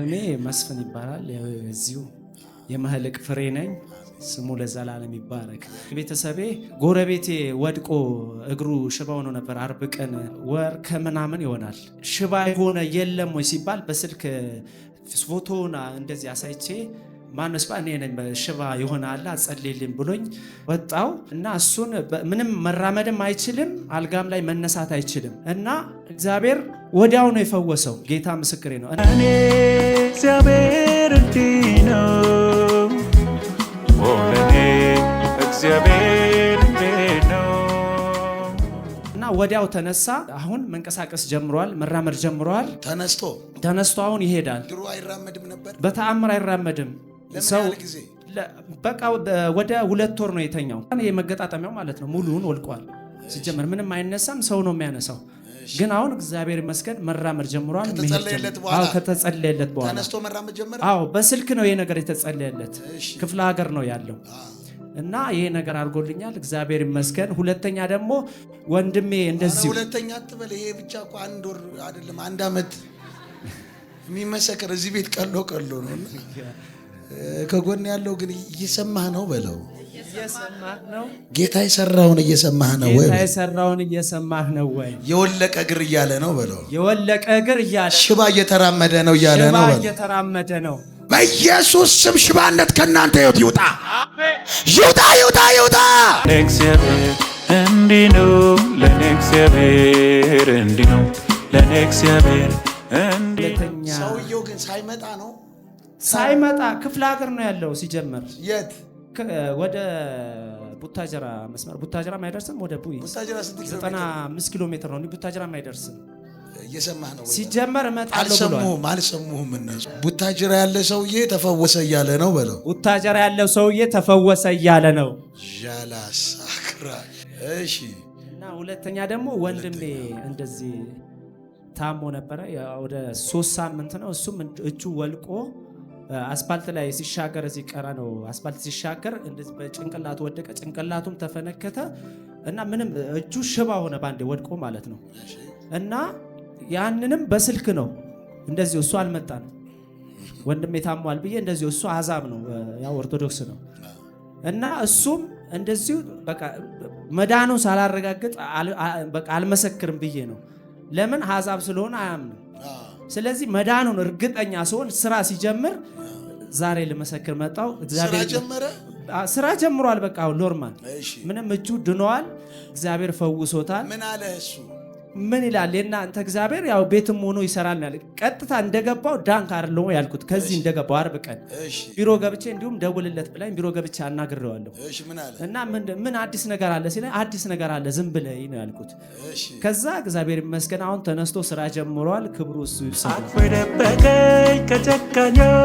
እኔ መስፍን ይባላል። እዚሁ የመህልቅ ፍሬ ነኝ። ስሙ ለዘላለም ይባረክ። ቤተሰቤ ጎረቤቴ ወድቆ እግሩ ሽባ ሆኖ ነበር። አርብ ቀን ወር ከምናምን ይሆናል። ሽባ የሆነ የለም ወይ ሲባል በስልክ ፎቶና እንደዚህ አሳይቼ ማነስ እኔ ነኝ ሽባ የሆነ አለ ጸልይልኝ ብሎኝ ወጣው እና እሱን ምንም መራመድም አይችልም፣ አልጋም ላይ መነሳት አይችልም እና እግዚአብሔር ወዲያው ነው የፈወሰው። ጌታ ምስክሬ ነው። እኔ እግዚአብሔር እንዲህ ነው፣ እኔ እግዚአብሔር እና ወዲያው ተነሳ። አሁን መንቀሳቀስ ጀምሯል፣ መራመድ ጀምሯል። ተነስቶ ተነስቶ አሁን ይሄዳል። ድሮ አይራመድም ነበር፣ በተአምር አይራመድም ሰው በቃ ወደ ሁለት ወር ነው የተኛው። የመገጣጠሚያው ማለት ነው ሙሉውን ወልቋል። ሲጀመር ምንም አይነሳም፣ ሰው ነው የሚያነሳው። ግን አሁን እግዚአብሔር ይመስገን መራመድ ጀምሯል። ከተጸለየለት በኋላ በስልክ ነው ይሄ ነገር የተጸለየለት። ክፍለ ሀገር ነው ያለው እና ይሄ ነገር አድርጎልኛል፣ እግዚአብሔር ይመስገን። ሁለተኛ ደግሞ ወንድሜ እንደዚህ ሁለተኛ አትበል። ይሄ ብቻ እኮ አንድ ወር አይደለም አንድ ዓመት የሚመሰከር እዚህ ቤት ቀሎ ቀሎ ነው ከጎን ያለው ግን እየሰማህ ነው በለው። ጌታ የሰራውን እየሰማህ ነው ወይ? ጌታ የሰራውን እየሰማህ ነው ወይ? የወለቀ እግር እያለ ነው በለው። የወለቀ እግር እያለ ሽባ እየተራመደ ነው እያለ ነው በለው። እየተራመደ ነው። በኢየሱስ ስም ሽባነት ከእናንተ ሕይወት ይውጣ፣ ይውጣ፣ ይውጣ፣ ይውጣ። እንዲህ ነው ለእኔ እግዚአብሔር፣ እንዲህ ነው ለእኔ እግዚአብሔር። ነው። ሰውየው ግን ሳይመጣ ነው ሳይመጣ ክፍለ ሀገር ነው ያለው። ሲጀመር የት ወደ ቡታጀራ መስመር ቡታጀራ ማይደርስም። ወደ ቡይ ዘጠና አምስት ኪሎ ሜትር ነው። ቡታጀራ ማይደርስም። እየሰማህ ነው። ሲጀመር እመጣለሁ ብሏል። አልሰሙህም እነሱ። ቡታጀራ ያለ ሰውዬ ተፈወሰ እያለ ነው በለው። ቡታጀራ ያለው ሰውዬ ተፈወሰ እያለ ነው። ዣላሳክራ እሺ። እና ሁለተኛ ደግሞ ወንድሜ እንደዚህ ታሞ ነበረ ወደ ሶስት ሳምንት ነው። እሱም እጁ ወልቆ አስፓልት ላይ ሲሻገር ሲቀራ ነው። አስፓልት ሲሻገር በጭንቅላቱ ወደቀ፣ ጭንቅላቱም ተፈነከተ እና ምንም እጁ ሽባ ሆነ፣ ባንዴ ወድቆ ማለት ነው። እና ያንንም በስልክ ነው እንደዚሁ እሱ አልመጣም፣ ወንድሜ ታሟል ብዬ እንደዚሁ እሱ አዛብ ነው ያው ኦርቶዶክስ ነው። እና እሱም እንደዚሁ በቃ ሳላረጋግጥ በቃ አልመሰክርም ብዬ ነው። ለምን አዛብ ስለሆነ አያምንም ስለዚህ መዳኑን እርግጠኛ ሲሆን ስራ ሲጀምር ዛሬ ልመሰክር መጣው። ስራ ጀምሯል። በቃ ኖርማል ምንም እጁ ድኗል እግዚአብሔር ፈውሶታል። ምን አለ እሱ ምን ይላል የእናንተ እግዚአብሔር ያው ቤትም ሆኖ ይሰራል ያለ ቀጥታ እንደገባው ዳንክ አይደለሁ ያልኩት ከዚህ እንደገባው አርብ ቀን ቢሮ ገብቼ እንዲሁም ደውልለት ብላኝ ቢሮ ገብቼ አናግሬዋለሁ እና ምን አዲስ ነገር አለ ሲለኝ አዲስ ነገር አለ ዝም ብለህ ነው ያልኩት ከዛ እግዚአብሔር ይመስገን አሁን ተነስቶ ስራ ጀምሯል ክብሩ እሱ ይብሳል ደበቀኝ ከጨካኛው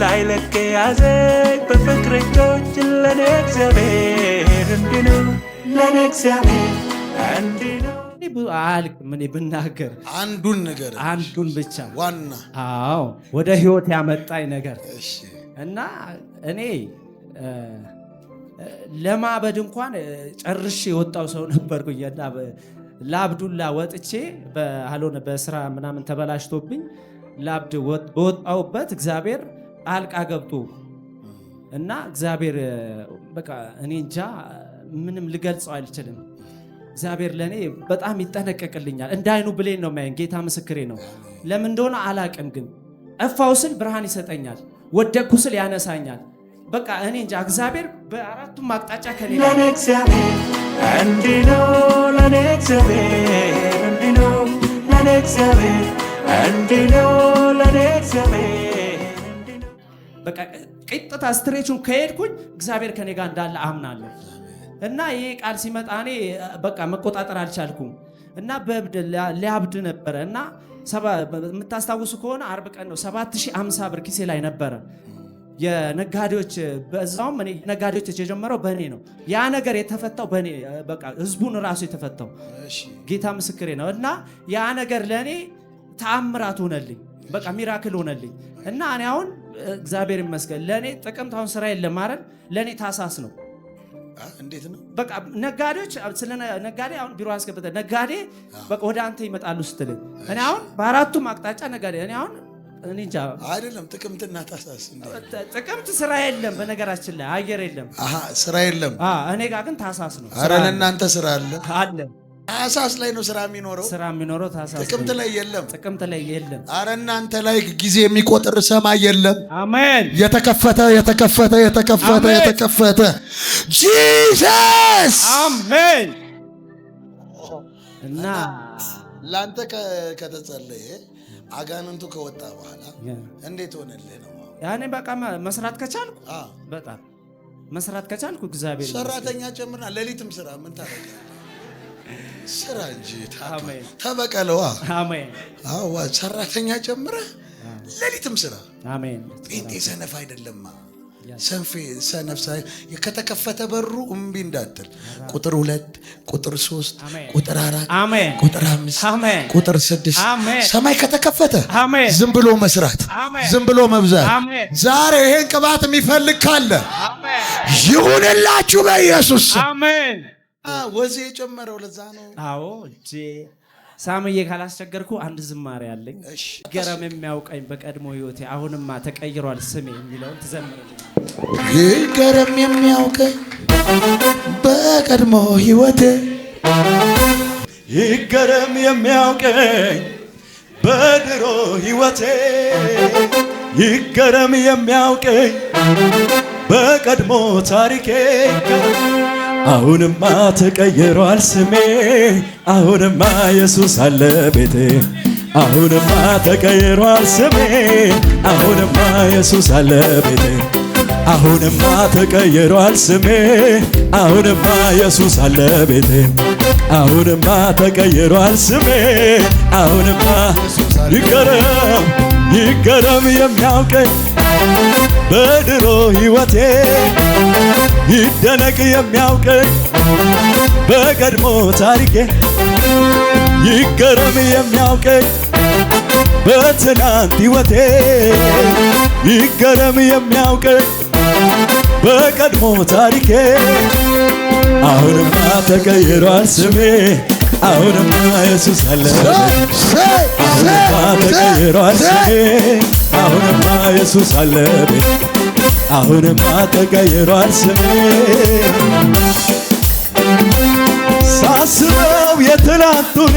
ላይ ለቀ ያዘኝ በፍቅር እጆች ለኔ እግዚአብሔር እንዲህ ነው ለኔ እግዚአብሔር እንዲህ አልክም። እኔ ብናገር አንዱን ነገር አንዱን ብቻ ዋና አዎ፣ ወደ ህይወት ያመጣኝ ነገር እና እኔ ለማበድ እንኳን ጨርሼ የወጣው ሰው ነበርኩኝ እና ለአብዱላ ወጥቼ አልሆነ በስራ ምናምን ተበላሽቶብኝ ለአብድ በወጣውበት እግዚአብሔር አልቃ ገብቶ እና እግዚአብሔር በቃ እኔ እንጃ ምንም ልገልጸው አልችልም። እግዚአብሔር ለእኔ በጣም ይጠነቀቅልኛል። እንዳይኑ ብሌን ነው የሚያየኝ። ጌታ ምስክሬ ነው። ለምን እንደሆነ አላቅም፣ ግን እፋው ስል ብርሃን ይሰጠኛል፣ ወደቅኩ ስል ያነሳኛል። በቃ እኔ እንጃ እግዚአብሔር በአራቱም አቅጣጫ ከሌ ለእኔ እግዚአብሔር እንዲህ ነው፣ ለእኔ እግዚአብሔር እንዲህ ነው፣ ለእኔ እግዚአብሔር እንዲህ ነው፣ ለእኔ እግዚአብሔር በቃ ቅጥታ ስትሬቹን ከሄድኩኝ እግዚአብሔር ከኔ ጋር እንዳለ አምናለሁ። እና ይህ ቃል ሲመጣ እኔ በቃ መቆጣጠር አልቻልኩም እና በእብድ ሊያብድ ነበረ እና የምታስታውሱ ከሆነ አርብ ቀን ነው 7050 ብር ኪሴ ላይ ነበረ የነጋዴዎች በዛውም እኔ ነጋዴዎች የጀመረው በእኔ ነው። ያ ነገር የተፈታው በእኔ በቃ ህዝቡን ራሱ የተፈታው ጌታ ምስክሬ ነው። እና ያ ነገር ለእኔ ተአምራት ሆነልኝ፣ በቃ ሚራክል ሆነልኝ። እና እኔ አሁን እግዚአብሔር ይመስገን ለእኔ ጥቅምት አሁን ስራ የለም አይደል፣ ለእኔ ታሳስ ነው እንዴት ነው? በቃ ነጋዴዎች ስለ ነጋዴ አሁን ቢሮ አስገብተህ ነጋዴ በቃ ወደ አንተ ይመጣሉ ስትል እኔ አሁን በአራቱም አቅጣጫ ነጋዴ እኔ አሁን እንጃ አይደለም። ጥቅምትና ታሳስ ጥቅምት ስራ የለም፣ በነገራችን ላይ አየር የለም፣ ስራ የለም። እኔ ጋር ግን ታሳስ ነው። ኧረ ለእናንተ ስራ አለ አለ ታህሳስ ላይ ነው ስራ የሚኖረው። ስራ የሚኖረው ታህሳስ ጥቅምት ላይ የለም። ጥቅምት ላይ የለም። አረ እናንተ ላይ ጊዜ የሚቆጥር ሰማይ የለም። አሜን። የተከፈተ የተከፈተ የተከፈተ የተከፈተ ጂሰስ አሜን። እና ለአንተ ከተጸለየ አጋንንቱ ከወጣ በኋላ እንዴት ሆነልህ ነው ያኔ በቃ መስራት ከቻልኩ በጣም መስራት ከቻልኩ እግዚአብሔር ሰራተኛ ጨምርና ሌሊትም ስራ ምን ታደርጋለህ? ስራ እንጂ ተበቀለዋ። አዎ ሰራተኛ ጀምረ ሌሊትም ስራ። ጴንጤ ሰነፍ አይደለማ። ሰንፌ ሰነፍ ከተከፈተ በሩ እምቢ እንዳትል። ቁጥር ሁለት ቁጥር ሶስት ቁጥር አራት ቁጥር አምስት ቁጥር ስድስት ሰማይ ከተከፈተ ዝም ብሎ መስራት፣ ዝም ብሎ መብዛት። ዛሬ ይሄን ቅባት የሚፈልግ ካለ ይሁንላችሁ በኢየሱስ ወዜ የጨመረው ለዛ ነው። አዎ እጄ ሳምዬ ካላስቸገርኩ አንድ ዝማሬ አለኝ። ገረም የሚያውቀኝ በቀድሞ ህይወቴ አሁንማ ተቀይሯል ስሜ የሚለውን ትዘምርልኝ። ገረም የሚያውቀኝ በቀድሞ ህይወቴ ይህ ገረም የሚያውቀኝ በድሮ ህይወቴ ይህ ገረም የሚያውቀኝ በቀድሞ ታሪኬ አሁንማ ተቀይሯል ስሜ አሁንማ ኢየሱስ አለ ቤቴ አሁንማ ተቀይሯል ስሜ አሁንማ ኢየሱስ አለ ቤቴ አሁንማ ተቀይሯል ስሜ አሁንማ ኢየሱስ አለ ቤቴ አሁንማ ተቀይሯል ስሜ አሁንማ ይገረም ይገረም የሚያውቀኝ በድሮ ሕይወቴ ይደነቅ የሚያውቀኝ በቀድሞ ታሪኬ ይገረም የሚያውቀኝ በትናንት ሕይወቴ ይገረም የሚያውቀኝ በቀድሞ ታሪኬ አሁንማ ተቀይሯል ስሜ አሁንማ ኢየሱስ አለ አሁንማ ተቀይሯል ስሜ አሁንማ ኢየሱስ አለ አሁንማ ተቀይሯል ስሜ ሳስበው የትላንቱን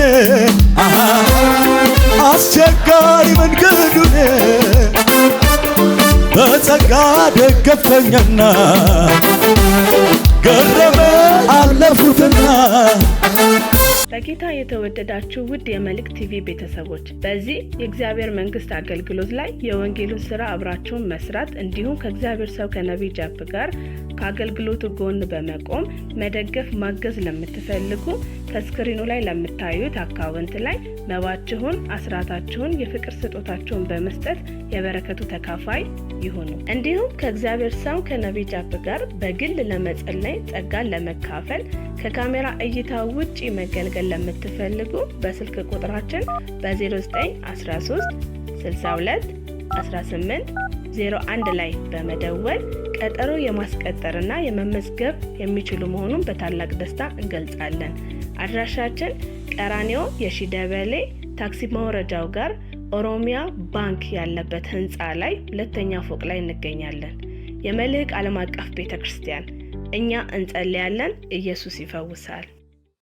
አስቸጋሪ መንገዱን በጸጋ ደገፈኛና ገረመ አለፉትና በጌታ የተወደዳችሁ ውድ የመልሕቅ ቲቪ ቤተሰቦች በዚህ የእግዚአብሔር መንግስት አገልግሎት ላይ የወንጌሉን ስራ አብራችሁን መስራት እንዲሁም ከእግዚአብሔር ሰው ከነቢይ ጃፕ ጋር ከአገልግሎቱ ጎን በመቆም መደገፍ ማገዝ ለምትፈልጉ ከስክሪኑ ላይ ለምታዩት አካውንት ላይ መባችሁን፣ አስራታችሁን፣ የፍቅር ስጦታችሁን በመስጠት የበረከቱ ተካፋይ ይሁኑ። እንዲሁም ከእግዚአብሔር ሰው ከነቢይ ጃፕ ጋር በግል ለመጸለይ ጸጋን ለመካፈል ከካሜራ እይታ ውጪ መገልገል ማገልገል ለምትፈልጉ በስልክ ቁጥራችን በ0913 62 18 01 ላይ በመደወል ቀጠሮ የማስቀጠርና የመመዝገብ የሚችሉ መሆኑን በታላቅ ደስታ እንገልጻለን። አድራሻችን ቀራኒዮ የሺደበሌ ታክሲ ማውረጃው ጋር ኦሮሚያ ባንክ ያለበት ህንፃ ላይ ሁለተኛ ፎቅ ላይ እንገኛለን። የመልህቅ ዓለም አቀፍ ቤተ ክርስቲያን። እኛ እንጸልያለን፣ ኢየሱስ ይፈውሳል።